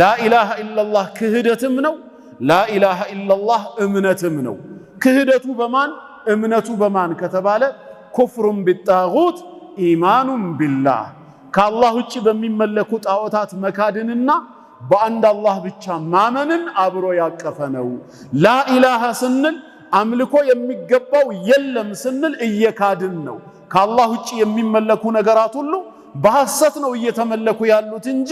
ላኢላሃ ኢለላህ ክህደትም ነው፣ ላኢላሃ ኢለላህ እምነትም ነው። ክህደቱ በማን እምነቱ በማን ከተባለ ኩፍሩን ቢጣጉት ኢማኑን ቢላህ ከአላህ ውጭ በሚመለኩ ጣዖታት መካድንና በአንድ አላህ ብቻ ማመንን አብሮ ያቀፈ ነው። ላኢላሃ ስንል አምልኮ የሚገባው የለም ስንል እየካድን ነው። ከአላህ ውጭ የሚመለኩ ነገራት ሁሉ በሐሰት ነው እየተመለኩ ያሉት እንጂ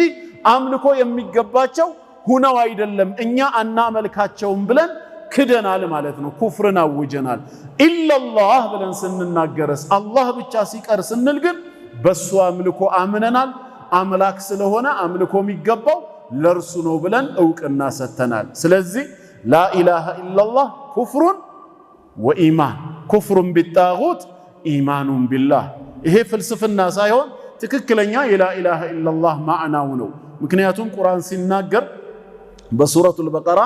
አምልኮ የሚገባቸው ሁነው አይደለም እኛ አናመልካቸውም ብለን ክደናል ማለት ነው። ኩፍርን አውጀናል። ኢለላህ ብለን ስንናገረስ አላህ ብቻ ሲቀር ስንል ግን በሱ አምልኮ አምነናል። አምላክ ስለሆነ አምልኮ የሚገባው ለእርሱ ነው ብለን እውቅና ሰተናል። ስለዚህ ላኢላሃ ኢለላህ ኩፍሩን ወኢማን ኩፍሩን ቢጣጉት ኢማኑን ቢላህ። ይሄ ፍልስፍና ሳይሆን ትክክለኛ የላኢላሃ ኢለላህ ማዕናው ነው። ምክንያቱም ቁርአን ሲናገር በሱረቱል በቀራ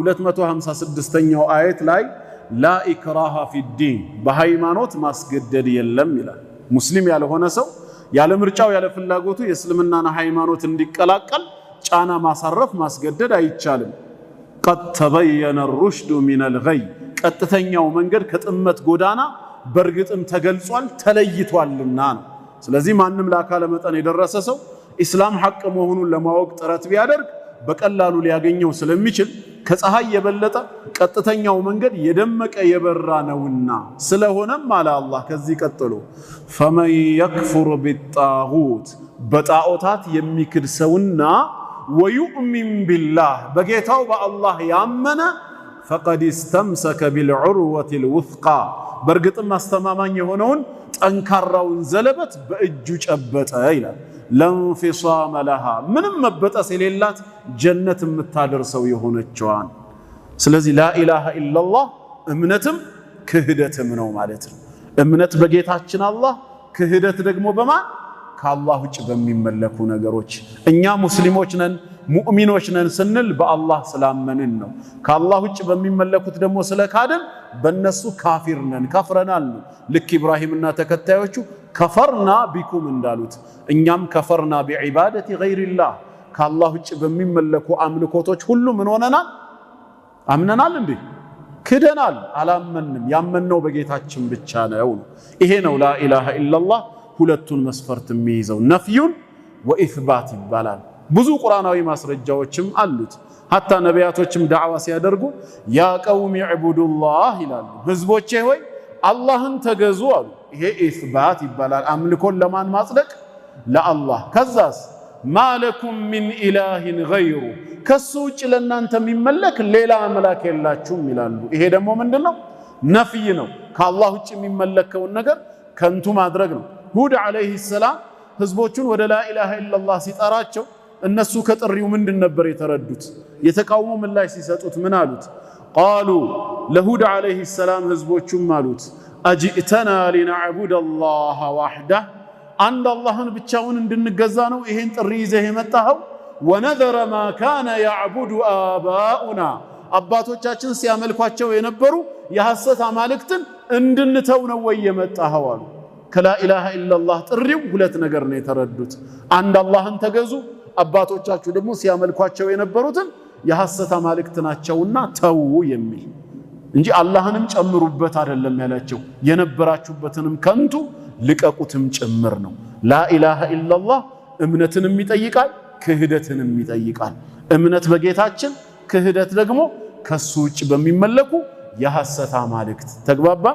256ኛው አየት ላይ ላኢክራሃ ፊዲን በሃይማኖት ማስገደድ የለም ይላል። ሙስሊም ያልሆነ ሰው ያለ ምርጫው ያለ ፍላጎቱ የእስልምናን ሃይማኖት እንዲቀላቀል ጫና ማሳረፍ ማስገደድ አይቻልም። ቀድ ተበየነ ሩሽዱ ሚነል ገይ ቀጥተኛው መንገድ ከጥመት ጎዳና በእርግጥም ተገልጿል ተለይቷልና ነው። ስለዚህ ማንም ለአካለ መጠን የደረሰ ሰው ኢስላም ሐቅ መሆኑን ለማወቅ ጥረት ቢያደርግ በቀላሉ ሊያገኘው ስለሚችል ከፀሐይ የበለጠ ቀጥተኛው መንገድ የደመቀ የበራ ነውና፣ ስለሆነም አለ አላህ ከዚህ ቀጥሎ ፈመን የክፉር ቢጣጉት በጣዖታት የሚክድ ሰውና ወዩእሚን ቢላህ በጌታው በአላህ ያመነ ፈቀድ ስተምሰከ ቢልዑርወት ልውፍቃ በእርግጥም አስተማማኝ የሆነውን ጠንካራውን ዘለበት በእጁ ጨበጠ ይላል። ለንፊሳመ ለሃ ምንም መበጠስ የሌላት ጀነት የምታደርሰው የሆነችዋን። ስለዚህ ላኢላሃ ኢለላህ እምነትም ክህደትም ነው ማለት ነው። እምነት በጌታችን አላህ፣ ክህደት ደግሞ በማን ከአላህ ውጭ በሚመለኩ ነገሮች። እኛ ሙስሊሞች ነን ሙእሚኖች ነን ስንል በአላህ ስላመንን ነው። ከአላህ ውጭ በሚመለኩት ደግሞ ስለካድን በእነሱ ካፊር ነን ከፍረናል ነው። ልክ ኢብራሂምና ተከታዮቹ ከፈርና ቢኩም እንዳሉት እኛም ከፈርና ቢዒባደቲ ገይሪላህ ከአላህ ውጭ በሚመለኩ አምልኮቶች ሁሉ ምን ሆነናል? አምነናል እንዴ? ክደናል፣ አላመንም። ያመንነው በጌታችን ብቻ ነው። ይሄ ነው ላኢላሃ ኢላላህ ሁለቱን መስፈርት የሚይዘው ነፍዩን ወኢትባት ይባላል። ብዙ ቁርአናዊ ማስረጃዎችም አሉት። ሀታ ነቢያቶችም ዳዕዋ ሲያደርጉ ያ ቀውም ዕቡዱላህ ይላሉ። ህዝቦቼ ሆይ አላህን ተገዙ አሉ። ይሄ ኢስባት ይባላል። አምልኮን ለማን ማጽደቅ? ለአላህ። ከዛስ ማለኩም ሚን ኢላሂን ገይሩ ከሱ ውጭ ለእናንተ የሚመለክ ሌላ አምላክ የላችሁም ይላሉ። ይሄ ደግሞ ምንድን ነው? ነፍይ ነው። ከአላህ ውጭ የሚመለከውን ነገር ከንቱ ማድረግ ነው። ሁድ ዓለይህ ሰላም ህዝቦቹን ወደ ላኢላሃ ኢለላህ ሲጠራቸው እነሱ ከጥሪው ምንድን ነበር የተረዱት? የተቃውሞ ምላሽ ሲሰጡት ምን አሉት? ቃሉ ለሁድ ዓለይሂ ሰላም ህዝቦቹም አሉት አጅእተና ሊናዕቡድ አላህ አንድ አላህን ብቻውን እንድንገዛ ነው ይሄን ጥሪ ይዘህ የመጣኸው? ወነዘረ ማ ካነ ያዕቡዱ አባኡና አባቶቻችን ሲያመልኳቸው የነበሩ የሐሰት አማልክትን እንድንተው ነው ወይ የመጣኸው አሉ። ከላኢላሃ ኢለላህ ጥሪው ሁለት ነገር ነው የተረዱት። አንድ አላህን ተገዙ አባቶቻችሁ ደግሞ ሲያመልኳቸው የነበሩትን የሐሰት አማልክት ናቸውና ተዉ የሚል እንጂ አላህንም ጨምሩበት አይደለም ያላቸው። የነበራችሁበትንም ከንቱ ልቀቁትም ጭምር ነው። ላኢላሃ ኢላላህ እምነትንም ይጠይቃል፣ ክህደትንም ይጠይቃል። እምነት በጌታችን ክህደት ደግሞ ከሱ ውጭ በሚመለኩ የሐሰት አማልክት ተግባባ።